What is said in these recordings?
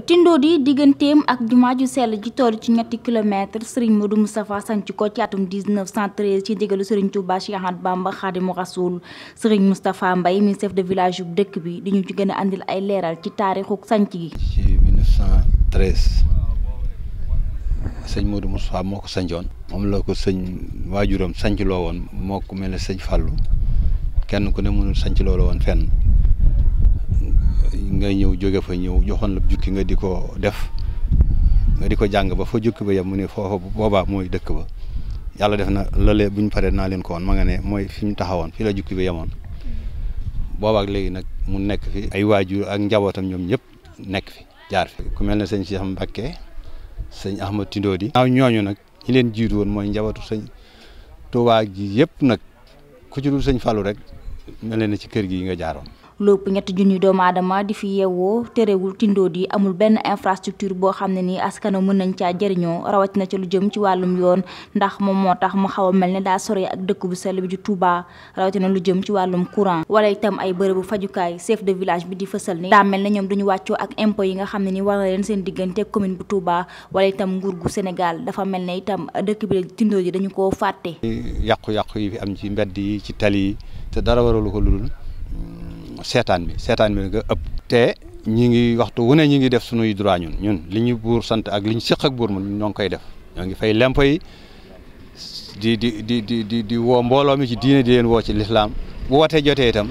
di digganteem ak jumaa ju sell ji toll ci ñetti kilomètre Serigne Modou Moustapha sanc ko ci atum 1913 ci ndigalu Serigne Touba Cheikh Ahmadou Bamba Khadimu Rasoul Serigne Moustapha Mbaye mi de village yu dëkk bi di ñu ci gën a àndil ay leeral ci taarixu sanc gi. ci 1913 sëñ Modou Moustapha moo ko sancoon. moom la ko sëñ waajuram sanc loo woon moo ko mel ne sëñ Fallou kenn ku ne mënul sanc loo woon fenn. ngay ñëw jóge fa ñëw joxoon la jukki nga di ko def nga di ko jàng ba fa jukki ba yem mu ne foofa boobaa mooy dëkk ba yàlla def na lalee buñ paree naa leen ko woon ma nga ne mooy fi ñu taxawoon fii la jukki bi yemoon boobaak léegi nag mu nekk fi ay waajur ak njabootam ñoom ñëpp nekk fi jaar fi ku mel ne sëñ Cheikh Mbacké sëñ Ahmad Tindodi naaw ñooñu nag ñi leen jiitu woon mooy njabootu sëñ Tuubaa gi yëpp nag ku ci dul sëñ Fallou rek mel ne ci kër gi nga jaaroon lu ëpp ñetti junni doomu aadama di fi yeewoo terewul tindood yi amul benn infrastructure boo xam ne ni askano mën nañ caa jëriñoo rawatina na ci lu jëm ci wàllum yoon ndax moom moo tax mu xaw a mel ne daa sore ak dëkk bu sell bi di Touba rawatina lu jëm ci wàllum courant wala itam ay bërëbu fajukaay chef de village bi di fësal ni daa mel ne ñoom duñu wàccoo ak impôt yi nga xam ne ni war na leen seen diggante commune bu Touba wala itam nguur gu Sénégal dafa mel ne itam dëkk bi tindoo yi dañu koo fàtte yàqu-yàqu yi am ci mbedd yi ci tali yi te dara waralu ko ludul seetaan bi seetaan bi nga ëpp te ñi ngi waxtu wu ne ñi ngi def sunuy droit ñun ñun li ñu buur sant ak li ñu séq ak buur mu ñoo ngi koy def ñoo ngi fay lempo di di di di di di woo mbooloo mi ci diine di leen woo ci lislaam bu watee jotee itam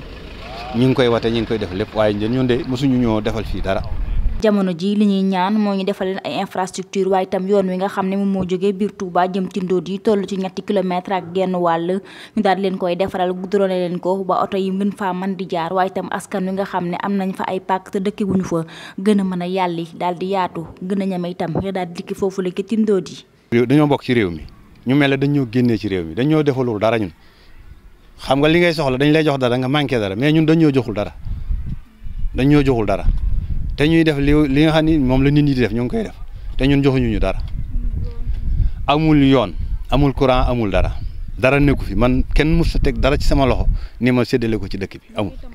ñi ngi koy wate ñi ngi koy def lépp waaye ñun de mosuñu ñoo defal fii dara jamono ji li ñuy ñaan moo ñu defal leen ay infrastructure waaye itam yoon wi nga xam ne moom moo jógee biir Touba jëm ci ndóot yi toll ci ñetti kilomètre ak genn wàll ñu daal leen koy defaral gudrone leen ko ba oto yi gën faa man di jaar waaye itam askan wi nga xam ne am nañ fa ay pàkk te dëkk bu ñu fa gën a mën a yàlli daal di yaatu gën a ñame itam nga daal di dikki foofu la ci ndóot yi dañoo bokk ci réew mi ñu mel ne dañoo génnee ci réew mi dañoo defalul dara ñun xam nga li ngay soxla dañ lay jox dara nga manqué dara mais ñun dañoo joxul dara dañoo joxul dara te ñuy def li li nga xam ni moom la nit ñi di def ñoo koy def te ñun joxuñu ñu dara amul yoon amul courant amul dara dara nekku fi man kenn mësu teg dara ci sama loxo ni ma séddale ko ci dëkk bi amul.